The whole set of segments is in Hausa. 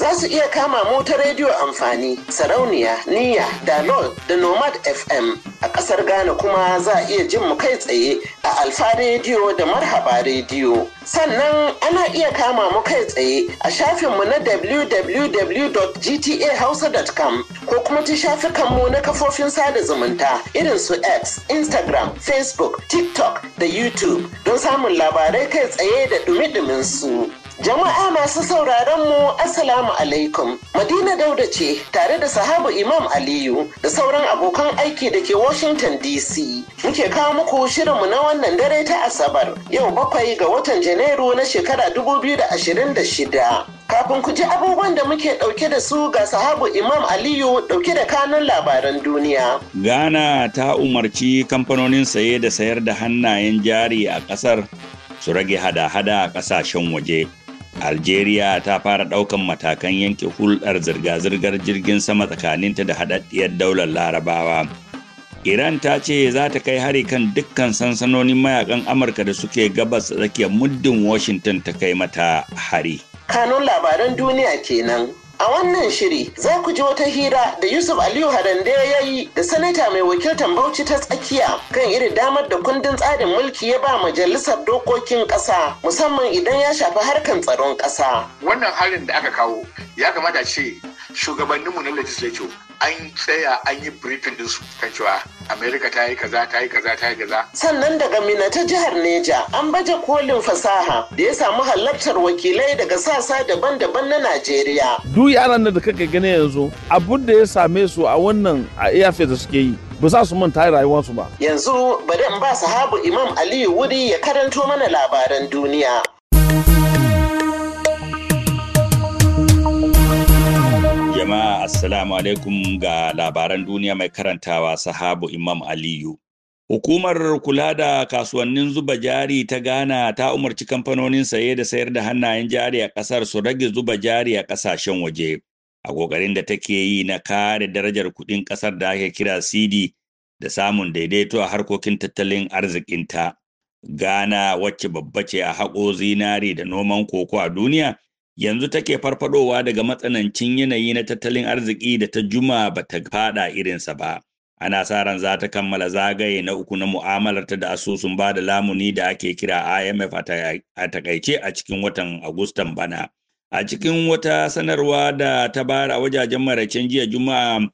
Za su iya kama mu ta rediyo amfani, sarauniya, niyya, dalol da nomad FM. A ƙasar Ghana kuma za a iya jin mu kai tsaye a Alfa rediyo da Marhaba rediyo. Sannan ana iya kama mu kai tsaye a shafin mu na www.gtahausa.com ko kuma ta mu na kafofin sada zumunta irin su X, Instagram, Facebook, TikTok da YouTube don samun labarai kai tsaye da dumi-dumin su. Jama'a masu sauraron mu Assalamu alaikum. Madina Dauda ce tare da sahabu Imam Aliyu da sauran abokan aiki da ke Washington DC. Muke kawo muku shirinmu na wannan dare ta Asabar yau bakwai ga watan Janairu na shekara 2026. Kafin ku ji abubuwan da muke ɗauke da su ga sahabu Imam Aliyu ɗauke da kanun labaran duniya. Ghana ta umarci kamfanonin saye da sayar da hannayen jari a ƙasar su rage hada-hada a ƙasashen waje. algeria ta fara ɗaukan matakan yanke hulɗar zirga-zirgar jirgin sama tsakaninta da haɗaɗɗiyar daular larabawa iran ta ce za ta kai hari kan dukkan sansanonin mayakan amurka da suke gabas tsakiyar muddin washington ta kai mata hari kanun labaran duniya kenan A wannan shiri za ku ji wata hira da Yusuf Aliyu Harande ya yi da sanata mai wakiltar Bauchi ta tsakiya kan irin damar da kundin tsarin mulki ya ba majalisar dokokin ƙasa musamman idan ya shafi harkan tsaron ƙasa. Wannan harin da aka kawo ya kamata ce shugabanninmu na legislature an tsaya an yi briefing ɗinsu kan cewa amerika ta yi kaza ta yi kaza ta yi kaza sannan daga mina ta jihar neja an baje kolin fasaha da ya samu halartar wakilai daga sasa daban-daban na najeriya duk yaran da kake gani yanzu abun da ya same su a wannan a da suke yi ba za su manta rayuwarsu ba yanzu bari in ba sahabu imam aliyu wuri ya karanto mana labaran duniya jama'a assalamu alaikum ga labaran duniya mai karantawa sahabu imam aliyu Hukumar kula da kasuwannin zuba jari ta Ghana ta umarci kamfanonin saye da sayar da hannayen jari a ƙasar su rage zuba jari a ƙasashen waje. A kokarin da take yi na kare darajar kuɗin ƙasar da ake kira CD da samun daidaito a harkokin tattalin arzikinta. Ghana wacce babba ce a haƙo zinari da noman koko a duniya yanzu take farfadowa daga matsanancin yanayi na tattalin arziki da ta juma ba ta fada sa ba. Ana sa ran za ta kammala zagaye na uku na mu'amalar ta da asusun ba da lamuni da ake kira IMF a takaice a cikin watan Agustan bana. A cikin wata sanarwa da ta bayar a wajajen maraicen jiya Juma'a,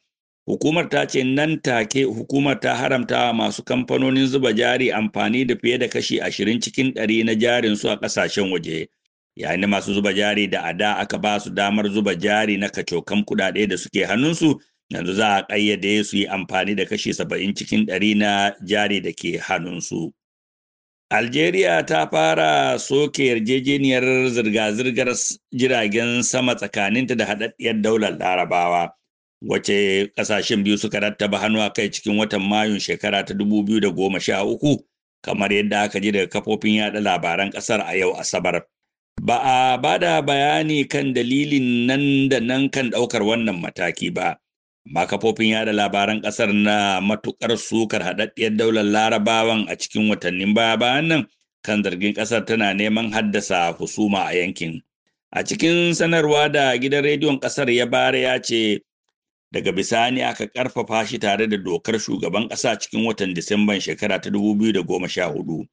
hukumar ta ce nan take hukumar ta haramta masu kamfanonin zuba jari amfani da fiye da kashi ashirin cikin ɗari na jarin su a ƙasashen waje. yayin da masu zuba jari da ada aka ba su damar zuba jari na kacokan kuɗaɗe da suke hannunsu yanzu za a ƙayyade su yi amfani da kashi saba'in cikin ɗari na jari da ke hannunsu. Algeria ta fara soke yarjejeniyar zirga-zirgar jiragen sama tsakaninta da haɗaɗɗiyar daular larabawa wace ƙasashen biyu suka rattaba hannu a kai cikin watan mayun shekara ta 2013 kamar yadda aka ji daga kafofin yada labaran ƙasar a yau asabar. ba a ba da bayani kan dalilin nan da nan kan ɗaukar wannan mataki ba amma kafofin yada labaran ƙasar na matuƙar sukar haɗaɗɗiyar daular larabawan a cikin watannin baya bayan nan kan zargin ƙasar tana neman haddasa husuma a yankin a cikin sanarwa da gidan rediyon ƙasar ya bara ya ce daga bisani aka ƙarfafa shi tare da dokar shugaban ƙasa cikin watan disamban shekara ta 2014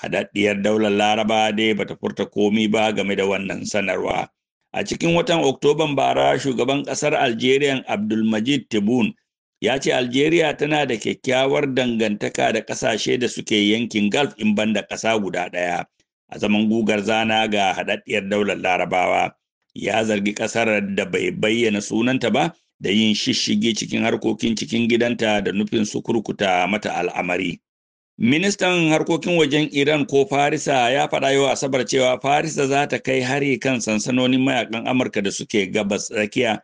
haɗaɗɗiyar daular laraba dai bata furta komi ba game da wannan sanarwa a cikin watan oktoban bara shugaban ƙasar algeria abdulmajid tibun ya ce algeria tana da kyakkyawar dangantaka da ƙasashe da suke yankin gulf in banda ƙasa guda ɗaya a zaman gugar zana ga haɗaɗɗiyar daular larabawa ya zargi ƙasar da bai bayyana sunanta ba da yin shishige cikin harkokin cikin gidanta da nufin su kurkuta mata al'amari Ministan harkokin wajen Iran ko Farisa ya faɗa yau Asabar cewa Farisa za ta kai hari kan sansanonin mayakan Amurka da suke gabas tsakiya.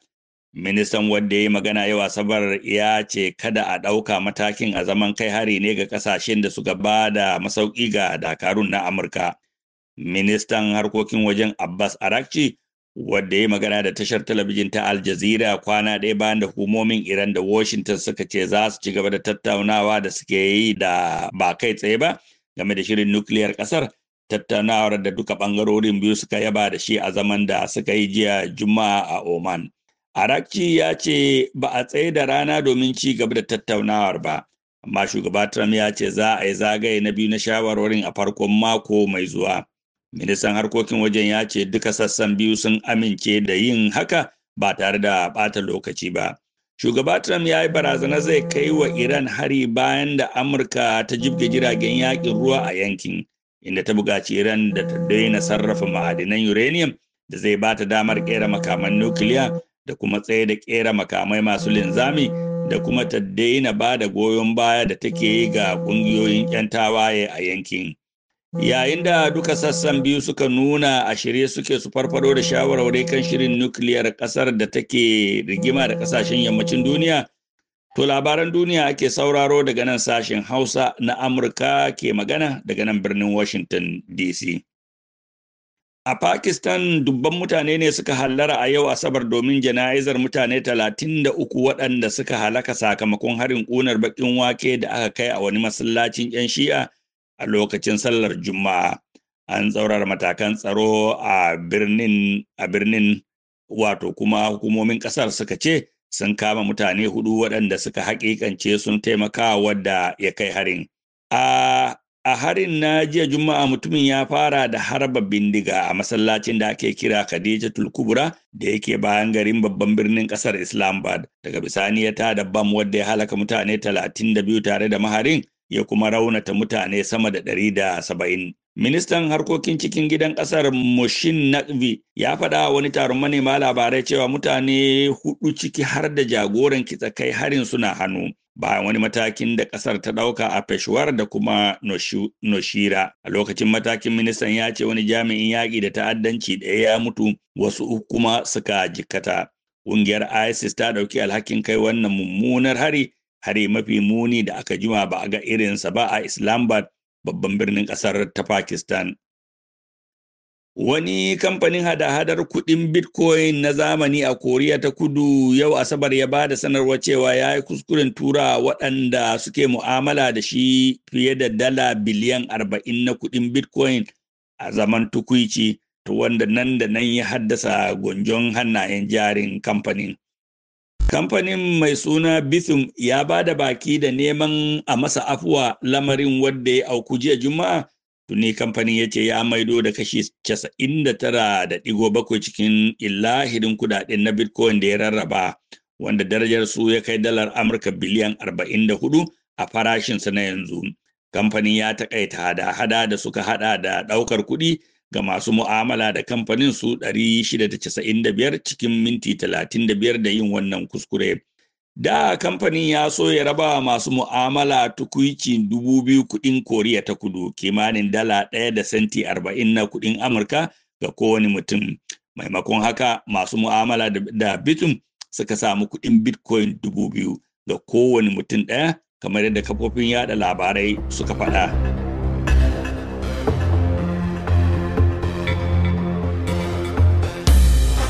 Ministan wanda ya magana yau Asabar ya ce kada a ɗauka matakin a zaman kai hari ne ga ƙasashen da suka ba da masauki ga dakarun na Amurka. Ministan harkokin wajen Abbas Arakci wadda ya magana da tashar talabijin ta Al Jazeera kwana ɗaya bayan da hukumomin Iran da Washington suka ce za su ci gaba da tattaunawa da suke yi da ba kai tsaye ba game da shirin nukiliyar ƙasar tattaunawar da duka ɓangarorin biyu suka yaba da shi a zaman da suka yi jiya Juma'a a Oman. Arakci ya ce ba a tsaye da rana domin ci gaba da tattaunawar ba, amma shugaba Trump ya ce za a yi zagaye na biyu na shawarwarin a farkon mako mai zuwa. Ministan harkokin wajen ya ce duka sassan biyu sun amince da yin haka ba tare da ɓata lokaci ba. Shugaba Trump ya yi barazana zai kai wa Iran hari bayan da Amurka ta jibge jiragen yakin ruwa a yankin, inda ta bugaci Iran da ta daina sarrafa ma'adinan uranium da zai ba ta damar ƙera makaman nukiliya da kuma tsaye da ƙera makamai masu linzami da kuma ta daina ba da goyon baya da take yi ga ƙungiyoyin 'yan tawaye a yankin. yayin da duka sassan biyu suka nuna a shirye suke su farfado da shawarwari kan shirin nukiliyar kasar da take rigima da kasashen yammacin duniya to labaran duniya ake sauraro daga nan sashen hausa na amurka ke magana daga nan birnin washington dc a pakistan dubban mutane ne suka hallara a yau asabar domin jana'izar mutane 33 waɗanda suka halaka sakamakon harin ƙunar baƙin wake da aka kai a wani masallacin 'yan shi'a a lokacin sallar juma'a an tsaurar matakan tsaro a birnin a birnin wato kuma hukumomin kasar suka ce sun kama mutane hudu waɗanda suka haƙiƙance sun taimaka wadda ya kai harin a a harin na jiya juma'a mutumin ya fara da harba bindiga a masallacin da ake kira khadija tulkubura da yake bayan garin babban birnin kasar islamabad daga bisani ya tada bam wadda ya halaka mutane 32 tare da maharin ya kuma raunata mutane sama da ɗari da saba'in. Ministan harkokin cikin gidan ƙasar Moshin Naqvi ya faɗa wani taron manema labarai cewa mutane hudu ciki har da jagoran kitsa kai harin suna hannu. bayan wani matakin da kasar ta dauka a Peshawar da kuma Noshira. A lokacin matakin ministan ya ce wani jami'in yaƙi da ta'addanci ɗaya ya mutu wasu kuma suka jikkata. Ƙungiyar ISIS ta ɗauki alhakin kai wannan mummunar hari hari mafi muni da aka jima ba a ga irinsa ba a islamabad babban birnin ƙasar ta pakistan Wani kamfanin hada-hadar kuɗin Bitcoin na zamani a Koriya ta kudu yau Asabar ya ba da sanarwa cewa ya yi kuskuren tura waɗanda suke mu'amala da shi fiye da dala biliyan arba'in na kuɗin Bitcoin a zaman tukuici ta wanda nan da nan ya haddasa gonjon hannayen jarin kamfanin. Kamfanin mai suna Bithum ya ba da baki da neman a masa afuwa lamarin wadda ya auku jiya Juma'a tuni kamfanin ya ce ya maido da kashi 99.7 cikin illahirin kudaden na Bitcoin da ya rarraba wanda darajar su ya kai dalar Amurka biliyan 44 a farashinsa na yanzu. Kamfanin ya taƙaita hada-hada da suka hada da ɗaukar kuɗi ga masu mu'amala da kamfanin su 695 cikin minti 35 da yin wannan kuskure. Da kamfanin ya so ya raba masu mu'amala tukuici dubu biyu kuɗin Koriya ta kudu kimanin dala ɗaya da senti arba'in na kuɗin Amurka ga kowane mutum. Maimakon haka masu mu'amala da bitum suka samu kuɗin bitcoin dubu biyu ga kowane mutum ɗaya kamar yadda kafofin yada labarai suka faɗa.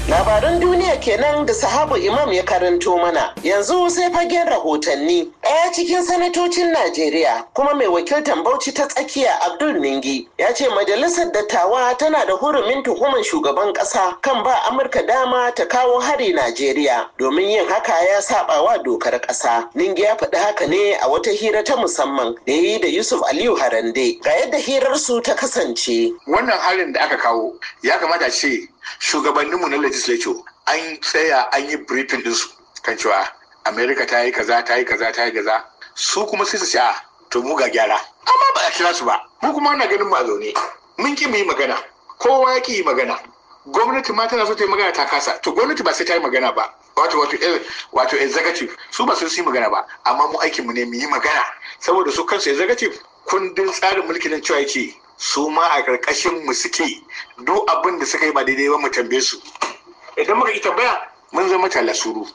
Labaran duniya kenan da sahabu Imam ya karanto mana. Yanzu sai fagen rahotanni. Ɗaya cikin sanatocin Najeriya kuma mai wakiltan Bauchi ta tsakiya Abdul Ningi ya ce majalisar dattawa tana da hurumin tuhuman shugaban ƙasa kan ba Amurka dama ta kawo hari Najeriya domin yin haka ya saba wa dokar ƙasa. Ningi ya faɗi haka ne a wata hira ta musamman da ya yi da Yusuf Aliyu Harande. Ga yadda hirar su ta kasance. Wannan harin da aka kawo ya kamata ce shugabanninmu na legislature an tsaya an yi briefing su kan cewa america ta yi kaza ta yi kaza ta yi kaza su kuma sai su sha ah, to mu ga gyara amma ba a kira su ba mu kuma ana ganin ba zaune mun ki mu yi magana kowa ya ki yi magana gwamnati ma tana so ta yi magana ta kasa to gwamnati ba sai ta yi magana ba wato wato eh, wato executive su ba su yi magana ba amma mu aikin mu ne mu yi magana saboda su kansu executive kundin tsarin mulkin nan cewa yake su ma a ƙarƙashin mu suke duk abin da suka yi ba daidai ba mu tambaye su idan muka yi tambaya mun zama talasuru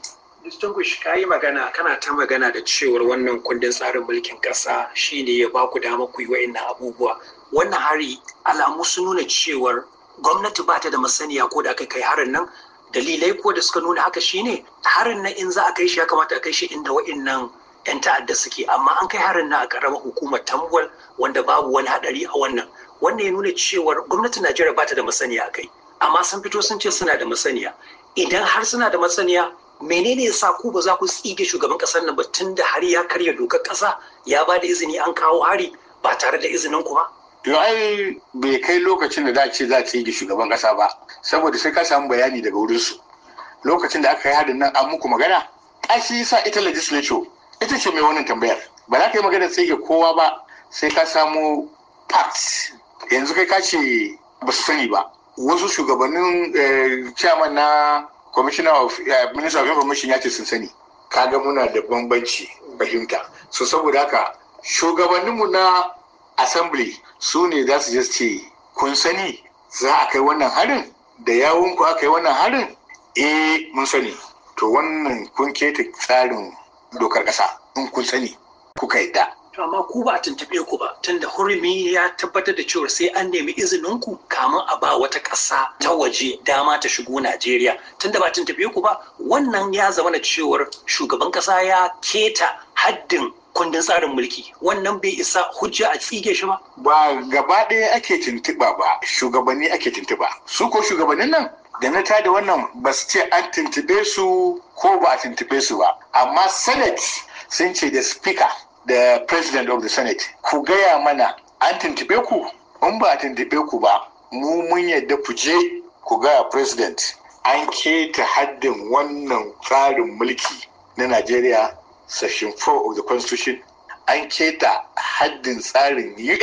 distinguish ka yi magana kana ta magana da cewar wannan kundin tsarin mulkin ƙasa shine ya ba ku dama ku yi wa'annan abubuwa wannan hari alamu sun nuna cewar gwamnati ba ta da masaniya ko da aka kai harin nan dalilai ko da suka nuna haka shine harin nan in za a kai shi ya kamata a kai shi inda wa'annan 'yan ta'adda suke amma an kai harin na a karamar hukumar tambuwal wanda babu wani hadari a wannan wannan ya nuna cewar gwamnatin najeriya bata da masaniya kai amma sun fito sun ce suna da masaniya idan har suna da masaniya menene yasa ku ba za ku tsige shugaban kasar nan ba tun da hari ya karya dokar kasa ya ba da izini an kawo hari ba tare da izinin ku ba to ai bai kai lokacin da za ce za ta yi shugaban kasa ba saboda sai ka samu bayani daga wurinsu lokacin da aka yi harin nan an muku magana ƙashi sa ita legislature ita ce mai wannan tambayar ba za ka yi magana sai ga kowa ba sai ka samu parts yanzu kai ka ce ba su sani ba wasu shugabannin eh, chairman na commissioner of eh, minister of information ya ce sun sani kaga muna da bambanci fahimta so saboda haka shugabanninmu na assembly su ne za su ce kun sani za a kai wannan harin da yawunku aka yi wannan harin eh mun sani to wannan kun keta tsarin dokar ƙasa in kun sani kuka yadda. amma ku ba a tuntuɓe ku ba tunda hurumi ya tabbatar da cewa sai an nemi izinin ku kamun a ba wata ƙasa ta waje dama ta shigo Najeriya tunda ba tuntuɓe ku ba wannan ya zama na cewar shugaban ƙasa ya keta haddin kundin tsarin mulki wannan bai isa hujja a tsige shi ba. Ba gaba ɗaya ake tuntuɓa ba shugabanni ake tuntuɓa su ko shugabannin nan da na tada wannan ba su ce an tuntube su ko ba a tuntube su ba amma senate sun ce da speaker da president of the senate ku gaya mana an tuntube ku in ba a tuntube ku ba mu mun yadda ku je ku gaya president an keta haddin wannan tsarin mulki na najeriya section 4 of the constitution an keta haddin tsarin yi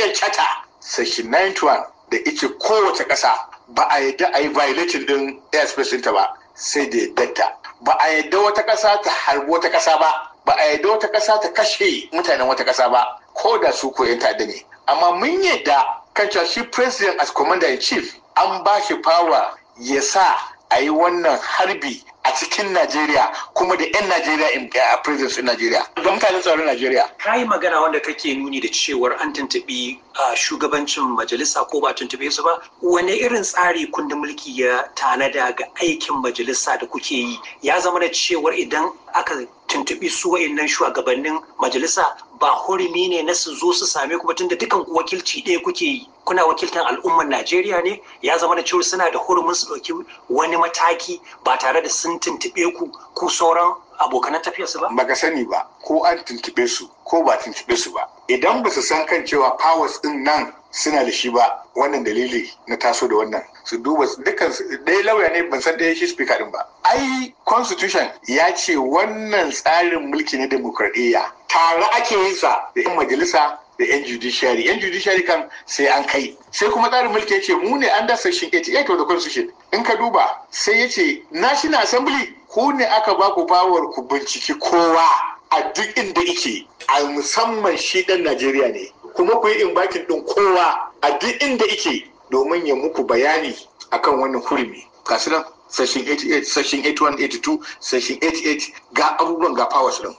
section 91 da ita kowace ƙasa ba a yadda a yi violating din airspace ɗinta ba sai da yadda ba a yadda wata ƙasa ta harbi wata ƙasa ba ba a yadda wata kasa ta kashe mutanen wata ƙasa ba ko da su ko 'yan ne amma mun yadda kan shi president as commander in chief an ba shi power ya sa a yi wannan harbi a cikin Najeriya kuma da 'yan Najeriya in eh, a presence in Najeriya ga mutanen tsaron Najeriya. Ka yi magana wanda kake nuni da cewar an tuntuɓi shugabancin majalisa ko ba tuntuɓe su ba wane irin tsari kundin mulki ya tanada ga aikin majalisa da kuke yi ya zama da cewar idan aka tuntuɓi su wa'annan shugabannin majalisa ba hurumi ne na su zo su same ku ba tunda dukan wakilci ɗaya kuke yi kuna wakiltar al'ummar Najeriya ne ya zama da cewa suna da hurumin su ɗauki wani mataki ba tare da sun tuntuɓe ku ku sauran abokan tafiyar su ba? Baka sani ba ko an tuntuɓe su ko ba tuntuɓe su ba. Idan ba su san kan cewa powers ɗin nan suna da shi ba wannan dalili na taso da wannan su duba dukkan ɗaya lauya ne ban san ɗaya shi speaker din ba ai constitution ya ce wannan tsarin mulki na demokradiyya tare ake yin sa da yan majalisa da yan judiciary yan judiciary kan sai an kai sai kuma tsarin mulki yace mu ne under section 88 of the constitution in ka duba sai yace national assembly ku ne aka ba ku power ku binciki kowa a duk inda yake a musamman shi dan Najeriya ne kuma ku yi bakin din kowa a duk inda yake domin ya muku bayani akan wannan hurumi kasu nan sashin 88 section 81 82 88 ga abubuwan ga power din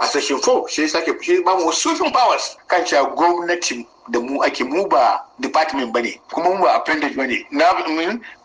a sashen 4 shi sake shi ba mu sufin powers kan cewa gwamnati da mu ake mu ba department bane kuma mu ba appendage bane na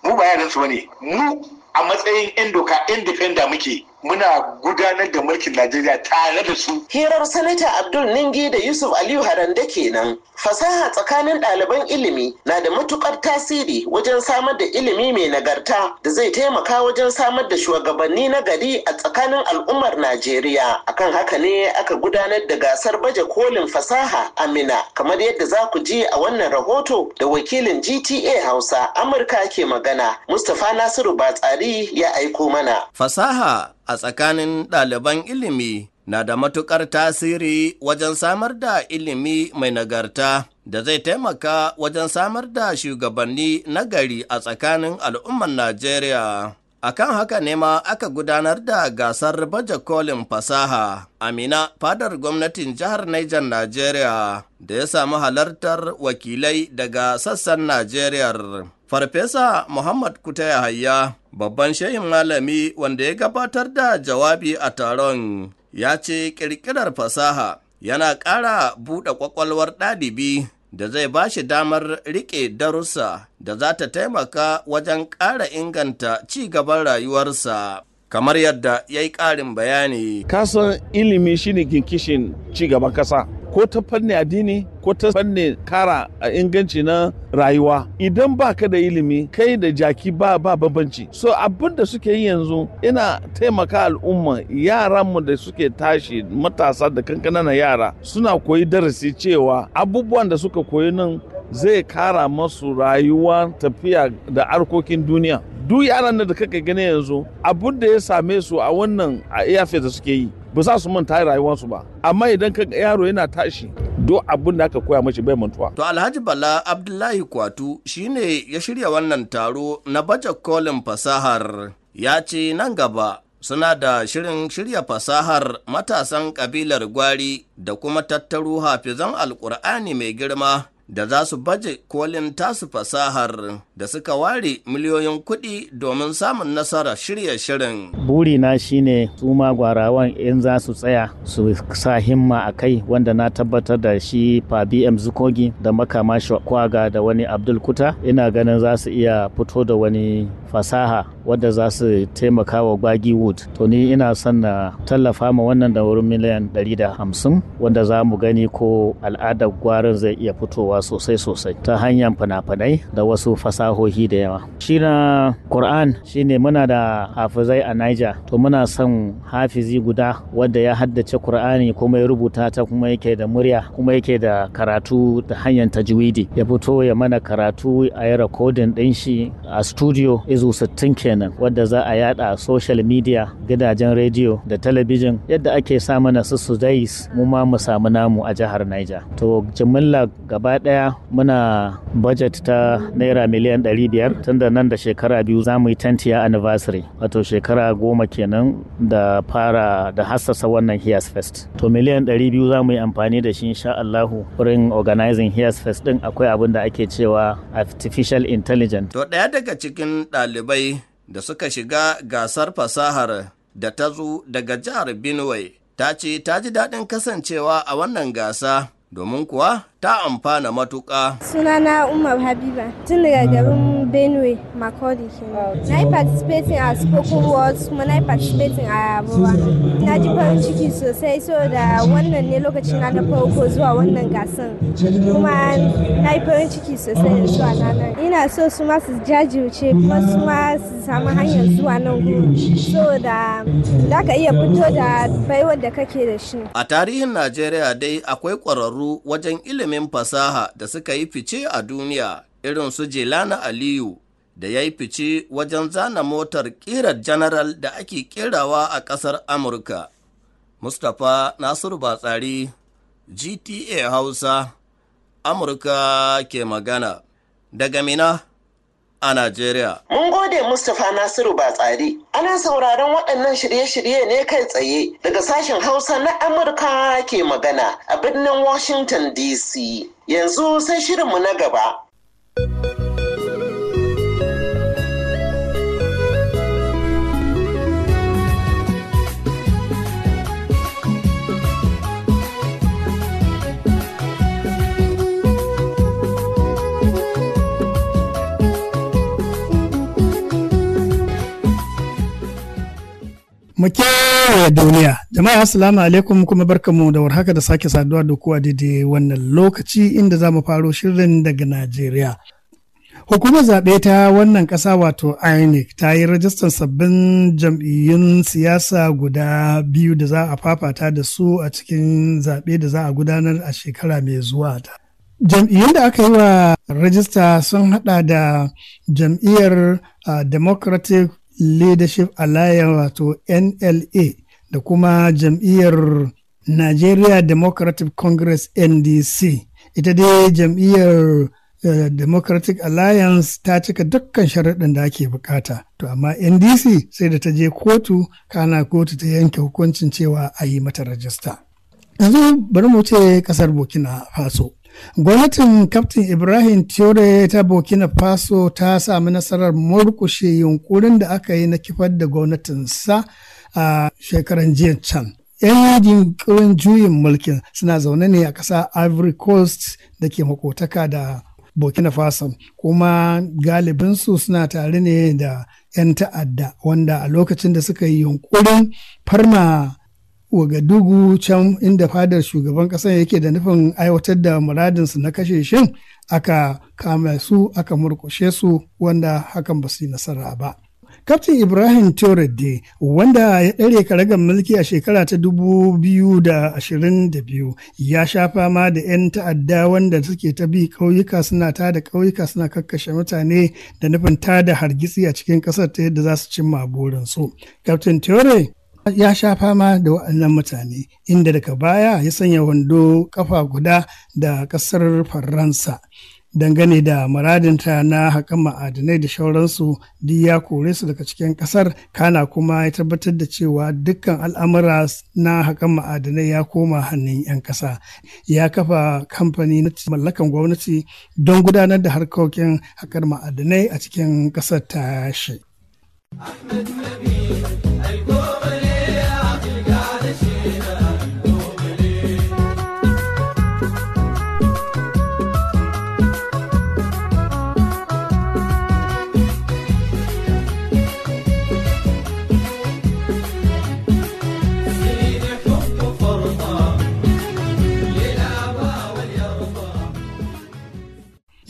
mu ba yaran su bane mu a matsayin 'yan doka independent muke muna gudanar da mulkin Najeriya tare da su. Hirar Sanata Abdul Ningi da Yusuf Aliyu Harande kenan. Fasaha tsakanin ɗaliban ilimi na da matukar tasiri wajen samar da ilimi mai nagarta da zai taimaka wajen samar da shugabanni na gari a tsakanin al'ummar Najeriya. Akan haka ne aka gudanar da gasar baje kolin fasaha Amina kamar yadda za ku ji a wannan rahoto da wakilin GTA Hausa Amurka ke magana Mustapha Nasiru Batsari ya aiko mana. Fasaha a tsakanin ɗaliban ilimi na da matuƙar tasiri wajen samar da ilimi mai nagarta da zai taimaka wajen samar da shugabanni nagari a tsakanin al'ummar Najeriya. A kan haka ne ma aka gudanar da gasar baje kolin fasaha Amina fadar gwamnatin jihar Niger Najeriya da ya samu halartar wakilai daga sassan Najeriya. Farfesa Muhammad Kutaya Hayya, babban shehin malami wanda ya gabatar da jawabi a taron, ya ce ƙirƙirar fasaha yana ƙara buɗe ƙwaƙwalwar ɗalibi da zai ba shi damar riƙe darussa da za ta taimaka wajen ƙara inganta ci gaban rayuwarsa. Kamar yadda ya yi ƙarin bayani. Kasan ilimi shine ginkishin ci gaban ƙasa. ko ta fanni addini ko ta fanni kara a inganci na rayuwa idan ba ka da ilimi kai da jaki ba ba babanci so abin da suke yi yanzu ina taimaka al'umma yaran mu da suke tashi matasa da kankana yara suna koyi darasi cewa abubuwan da suka koyi nan zai kara masu rayuwa tafiya da harkokin duniya duk yaran da kake gani yanzu abin da ya same su a wannan a da suke yi ba za su manta rayuwarsu ba amma idan ka yaro yana tashi do abin da aka koya mashi bai mantuwa. To Alhaji Bala Abdullahi Kwatu shine ya shirya wannan taro na baje kolin fasahar ya ce nan gaba suna da shirin shirya fasahar matasan kabilar gwari da kuma tattaro hafizan alkur'ani mai girma da za su baje kolin tasu fasahar da suka ware miliyoyin kuɗi domin samun nasara shirya shirin. buri na shine su ma gwarawan in za su tsaya su sa himma a kai wanda na tabbatar da shi Fabi M. Zukogi da makama Kwaga da wani Abdul ina ganin za su iya fito da wani fasaha wadda za su taimaka wa gwagi wood to ni ina son na tallafa ma wannan da wurin miliyan 150 wanda za mu gani ko al'adar gwarin zai iya fitowa sosai sosai ta hanyar fina-finai da wasu fasahohi da yawa shi na Qur'an shine muna da hafizai a Niger to muna son hafizi guda wadda ya haddace Kur'ani kuma ya rubuta ta kuma yake da murya kuma yake da karatu da hanyar tajwidi ya fito ya mana karatu a yi rikodin din shi a studio izu 60 kenan wadda za a yada a social media gidajen rediyo da talabijin yadda ake samu na su dais mu ma mu samu namu a jihar Niger. To jimilla gaba daya muna budget ta naira miliyan 500 tunda nan da shekara biyu za mu yi 10 year anniversary wato shekara goma kenan da fara da hassasa wannan Hears Fest. To miliyan 200 za mu yi amfani da shi insha Allahu wurin organizing Hears Fest din akwai abin da ake cewa artificial intelligence. To daya daga cikin ɗalibai ɗalibai da suka shiga gasar fasahar da ta zo daga jihar Benue ta ce ta ji daɗin kasancewa a wannan gasa domin kuwa ta amfana matuƙa. Sunana Umar Habiba tun daga garin benue makodi kenan na yi participating a spoken words kuma na yi participating a abuwa na ji farin ciki sosai so da wannan ne lokaci na na farko zuwa wannan gasan kuma na yi farin ciki sosai da zuwa nan ina so su ma su jajirce kuma su ma su samu hanyar zuwa nan gudu so da za ka iya fito da baiwar da kake da shi a tarihin najeriya dai akwai ƙwararru wajen ilimin fasaha da suka yi fice a duniya irin su Jelana Aliyu da ya yi fice wajen zana motar ƙirar janaral da ake ƙirawa a ƙasar Amurka. Mustapha Nasiru Batsari, GTA Hausa, Amurka ke magana, daga Mina a Najeriya. Mun gode Mustapha Nasiru Batsari, ana sauraron waɗannan shirye-shirye ne kai tsaye daga sashen Hausa na Amurka ke magana a birnin Washington DC. Yanzu sai shirinmu na gaba. Thank you. mu kewaye duniya jama'a assalamu alaikum kuma barkamu da warhaka da sake saduwa da kowa daidai wannan lokaci inda za mu faro shirin daga najeriya hukumar zaɓe ta wannan ƙasa wato inec ta yi rajistar sabbin jam'iyyun siyasa guda biyu da za a fafata da su a cikin zaɓe da za a gudanar a shekara mai zuwa ta jam'iyyun da aka yi wa rajista sun hada da jam'iyyar a ah, democratic leadership alliance wato nla da kuma jam'iyyar nigeria democratic congress ndc ita dai jam'iyyar eh, democratic alliance ta cika dukkan sharaɗin da ake bukata to amma ndc sai da ta je kotu kana kotu ta yanke hukuncin cewa a yi mata rajista yanzu bari mu ce kasar burkina faso Gwamnatin Kaftin Ibrahim tiore ta Burkina Faso ta sami nasarar murkushe yunkurin da aka yi na kifar da gwamnatinsa a shekaran jiya can. 'Yan yajin juyin mulkin suna zaune ne a ƙasa Ivory Coast da ke makotaka da Burkina Faso kuma galibinsu suna tare ne da 'yan ta'adda wanda a lokacin da suka yi yunkurin farma Wagadugu can inda fadar shugaban ƙasar yake da nufin aiwatar da muradinsu na kashe shin aka kame su aka murkushe su wanda hakan ba su yi nasara ba. Kaftin Ibrahim Teoredde wanda ya ɗare karagar mulki a shekara ta 2022 ya sha fama da 'yan ta'adda wanda suke ta bi ƙauyuka suna ta da ƙauyuka suna kakkashe mutane da nufin ta da hargitsi a cikin ƙasar ta yadda za su cimma burinsu. Kaftin Teore ya sha fama da waɗannan mutane inda daga baya ya sanya wando kafa guda da ƙasar faransa dangane da muradinta na haƙan ma'adinai da shauransu duk ya kore su daga cikin ƙasar kana kuma ya tabbatar da cewa dukkan al'amura na haƙan ma'adinai ya koma hannun 'yan ƙasa ya kafa kamfani na mallakan gwamnati don gudanar da harkokin haƙar ma'adinai a cikin ƙasar ta shi.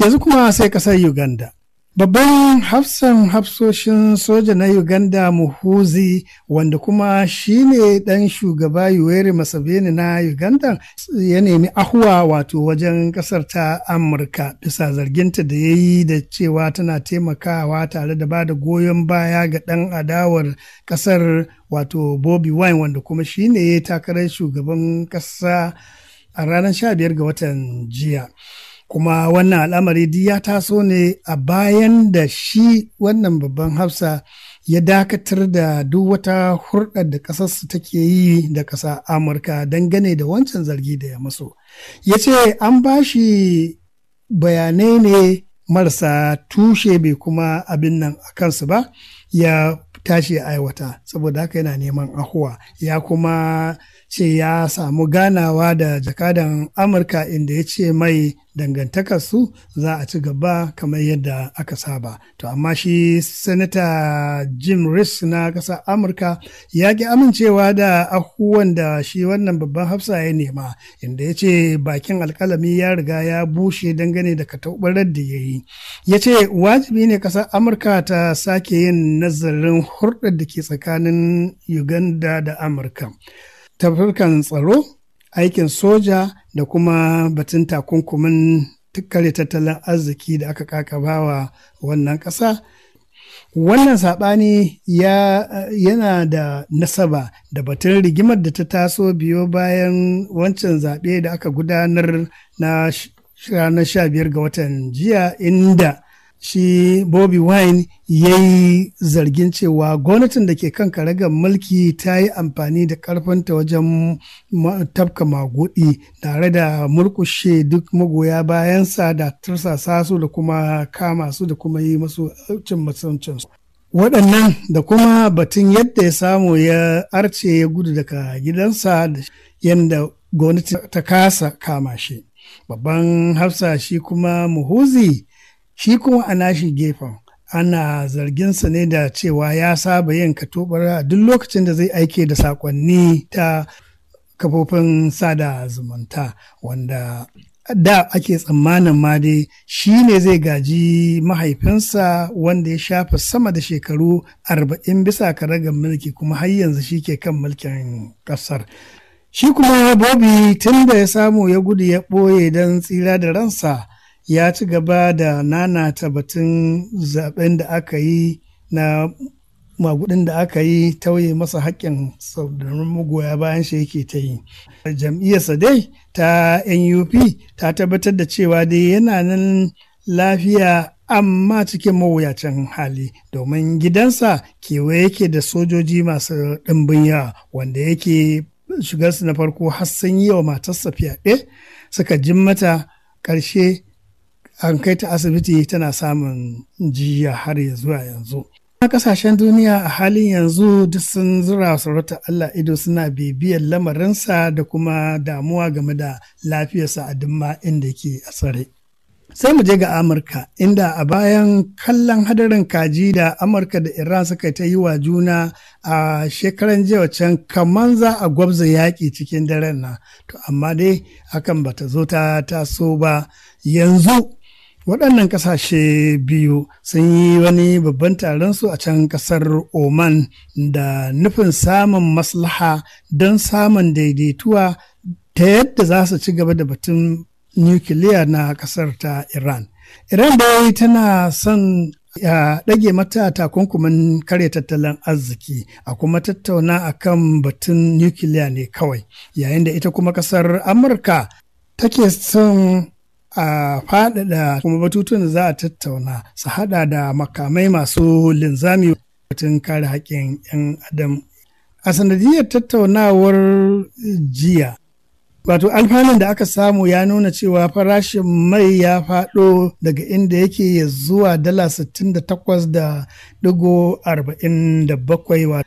yanzu kuma sai kasar uganda Babban hafsan hafsoshin soja na Uganda Muhuzi wanda kuma shine ne ɗan shugaba Yoweri masabeni na Uganda ya nemi ahuwa wato wajen ƙasar ta Amurka bisa zarginta da ya yi da cewa tana taimakawa tare da ba da goyon baya ga ɗan adawar ƙasar wato Bobi Wine wanda kuma shine ne takarar shugaban ƙasa a ranar 15 ga watan jiya. kuma wannan al'amari duk ya taso ne a bayan da shi wannan babban hafsa ya dakatar da duk wata hurɗar da ƙasarsu take yi da ƙasa amurka dangane da wancan zargi da ya maso ya ce an ba shi bayanai ne marasa tushe bai kuma abin nan a kansu ba ya tashi aiwata saboda haka yana neman ahuwa ya kuma ce ya samu ganawa da jakadan amurka inda ya ce mai dangantakarsu za a ci gaba kamar yadda aka saba to amma shi senator jim riss na ƙasar amurka ya ki amincewa da ahuwan da shi wannan babban hafsa ya nema inda ya ce bakin alkalami ya riga ya bushe dangane da kataubarar da ya yi ya ce wajibi ne ƙasar amurka ta sake yin nazarin hurɗar da ke tsakanin uganda da amurka tafarkan tsaro aikin soja da kuma batun takunkumin kare tattalin arziki da aka kakabawa wannan ƙasa wannan saɓani yana da nasaba da batun rigimar da ta taso biyo bayan wancan zaɓe da aka gudanar na ranar 15 ga watan jiya inda shi Bobby Wine ya yi zargin cewa gwamnatin da ke kan karagar mulki ta yi amfani da karfanta wajen tafka magudi tare da murkushe duk magoya bayansa da tursasa su da kuma kama su da kuma yi masu cin su. waɗannan da kuma batun yadda ya samu ya arce ya gudu daga gidansa da yadda gwamnati ta kasa kama shi babban hafsa shi kuma muhuzi Shi kuma a nashi gefen ana zarginsa ne da cewa ya saba yin a duk lokacin da zai aike da sakonni ta kafofin sada zumunta wanda da ake tsammanin ma dai shi ne zai gaji mahaifinsa wanda ya shafa sama da shekaru arba'in bisa karagar mulki kuma har yanzu shi ke kan mulkin kasar shi kuma bobi tun da ya samu ya gudu ya ɓoye don tsira da ransa ya ci gaba da nanata batun zaben da aka yi na magudin da aka yi tauye masa haƙƙin saudarin magoya bayan shi yake ta yi. Jam'iyyarsa dai ta NUP ta tabbatar da cewa dai yana nan lafiya amma cikin mawuyacin hali domin gidansa kewaye yake da sojoji masu ɗimbin yawa wanda yake shigarsu na farko har sun yi wa matarsa fyaɗe suka jin mata ƙarshe an kai ta asibiti tana samun jiya har ya zuwa yanzu a kasashen duniya a halin yanzu duk sun zura sarautar Allah ido suna bibiyar lamarinsa da kuma damuwa game da lafiyarsa a dumma inda ke a tsare. Sai mu je ga Amurka inda a bayan kallon hadarin kaji da Amurka da Iran suka ta yi wa juna a shekaran jiya can kaman za a gwabza yaƙi cikin daren nan. To amma dai hakan bata zo ta taso ba yanzu waɗannan ƙasashe biyu sun yi wani babban taron su a can ƙasar oman da nufin samun maslaha don samun daidaituwa ta yadda za su ci gaba da batun nukiliya na ƙasar ta iran iran dai tana son ya ɗage mata takunkumin kare tattalin arziki a kuma tattauna a kan batun nukiliya ne kawai yayin da ita kuma ƙasar amurka take son a faɗaɗa kuma batutun da za a tattauna su haɗa da makamai masu linzami batun kare haƙƙin 'yan adam a sanadiyar tattaunawar jiya wato alfanun da aka samu ya nuna cewa farashin mai ya faɗo daga inda yake zuwa dala 68 da 47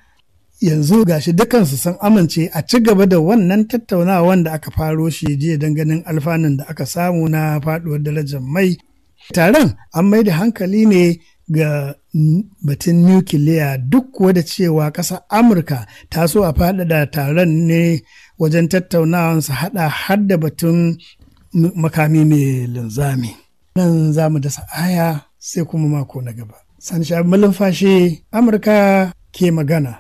yanzu gashi dukansu sun amince a ci gaba da wannan tattaunawa da aka faro shi jiya don ganin alfanun da aka samu na faduwar darajar mai taron an mai da hankali ne ga batun nukiliya duk wadda cewa ƙasar amurka ta so a faɗaɗa taron ne wajen tattaunawa su haɗa har da batun makami mai linzami nan za mu dasa aya sai kuma mako na gaba sani shabi amurka ke magana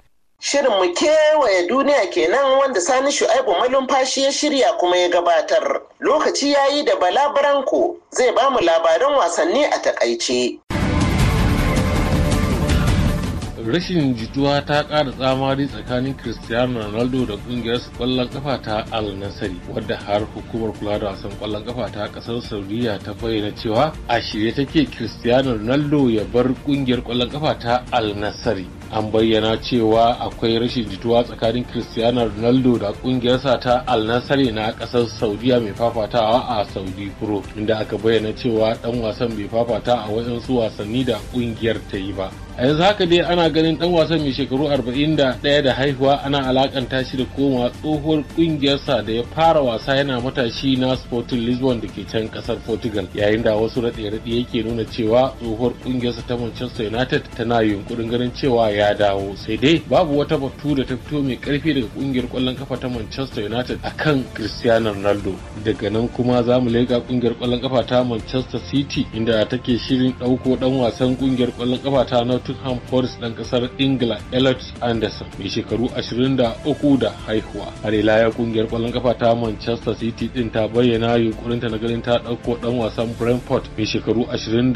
Shirin mu kewaye duniya kenan wanda Sani Shu'aibu malumfashi ya shirya kuma ya gabatar. Lokaci ya yi da Bala Branko zai ba mu labaran wasanni a takaice. Rashin jituwa ta ƙara tsamari tsakanin Cristiano Ronaldo da ƙungiyar kwallon kafa ta Al wadda har hukumar kula da wasan kwallon kafa ta ƙasar Saudiya ta bayyana cewa a shirye take Cristiano Ronaldo ya bar ƙungiyar kwallon kafa ta alnasari. an bayyana cewa akwai rashin jituwa tsakanin cristiano ronaldo da kungiyarsa ta al na kasar saudiya mai fafatawa a saudi pro inda aka bayyana cewa dan wasan bai fafata a wayansu wasanni da kungiyar ta yi ba a yanzu haka dai ana ganin dan wasan mai shekaru 41 da haihuwa ana alakanta shi da koma tsohuwar kungiyarsa da ya fara wasa yana matashi na sporting lisbon da ke can kasar portugal yayin da wasu raɗe-raɗe yake nuna cewa tsohuwar kungiyarsa ta manchester united tana yunkurin ganin cewa ya dawo sai dai babu wata batu da ta fito mai karfi daga kungiyar kwallon kafa ta Manchester United akan Cristiano Ronaldo daga nan kuma za mu leka kungiyar kwallon kafa ta Manchester City inda take shirin ɗauko ɗan wasan kungiyar kwallon kafa ta Nottingham Forest dan kasar Ingila Elliot Anderson mai shekaru 23 da haihuwa har ila ya kungiyar kwallon kafa ta Manchester City din ta bayyana yunkurinta na ganin ta ɗauko dan wasan Brentford mai shekaru 21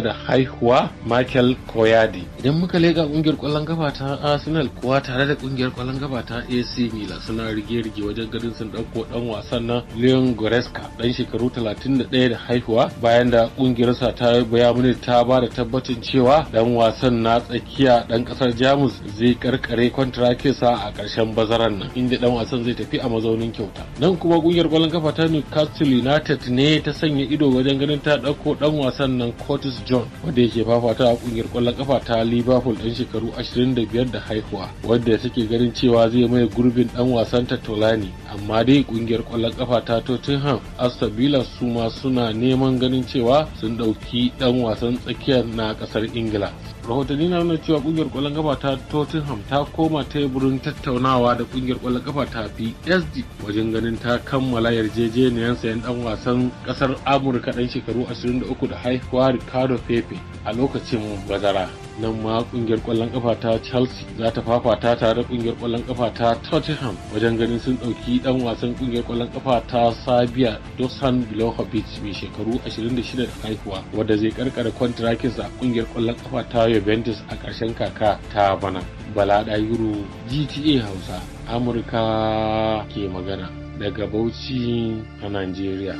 da haihuwa Michael Koyadi idan muka leka kungiyar kungiyar kwallon gaba ta arsenal kuwa tare da kungiyar kwallon gaba ta ac milan suna rige-rige wajen ganin sun dauko dan wasan na leon goreska dan shekaru 31 da haihuwa bayan da kungiyarsa ta bayamuni ta ba da tabbacin cewa dan wasan na tsakiya dan kasar jamus zai karkare kwantarakinsa a karshen bazaran nan inda dan wasan zai tafi a mazaunin kyauta nan kuma kungiyar kwallon gaba ta newcastle united ne ta sanya ido wajen ganin ta dauko dan wasan nan curtis john wanda yake fafata a kungiyar kwallon kafa ta liverpool dan shekaru shekaru 25 da haihuwa wadda take ganin cewa zai mai gurbin dan wasan Tolani amma dai kungiyar kwallon kafa ta Tottenham Aston Villa su ma suna neman ganin cewa sun dauki dan wasan tsakiyar na kasar Ingila rahotanni na nuna cewa kungiyar kwallon kafa ta tottenham ta koma teburin tattaunawa da kungiyar kwallon kafa ta psd wajen ganin ta kammala yarjejeniyar sayan dan wasan kasar amurka dan shekaru 23 da haihuwa ricardo pepe a lokacin bazara nan ma kungiyar kwallon kafa ta chelsea za ta fafata tare da kungiyar kwallon kafa ta tottenham wajen ganin sun dauki dan wasan kungiyar kwallon kafa ta sabia dosan bilohovic mai shekaru 26 da haihuwa wadda zai karkara kwantarakinsa a kungiyar kwallon kafa ta Juventus a ƙarshen kaka ta bana. Bala Ɗayuru GTA Hausa Amurka ke magana daga Bauchi a nigeria.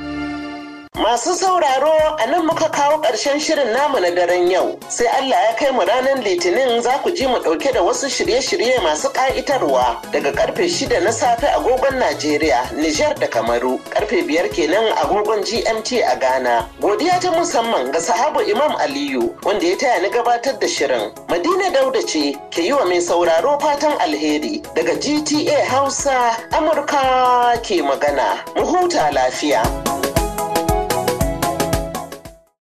Masu sauraro a nan muka kawo ƙarshen shirin namu na daren yau. Sai Allah ya kai mu ranar Litinin za ku ji mu ɗauke da wasu shirye-shirye masu ƙa'itarwa daga karfe shida na safe agogon Najeriya, Nijar da Kamaru, karfe biyar kenan agogon GMT a Ghana. Godiya ta musamman ga sahabu Imam Aliyu wanda ya taya ni gabatar da shirin. Madina Dauda ce ke yi wa mai sauraro fatan alheri daga GTA Hausa Amurka ke magana. Mu huta lafiya.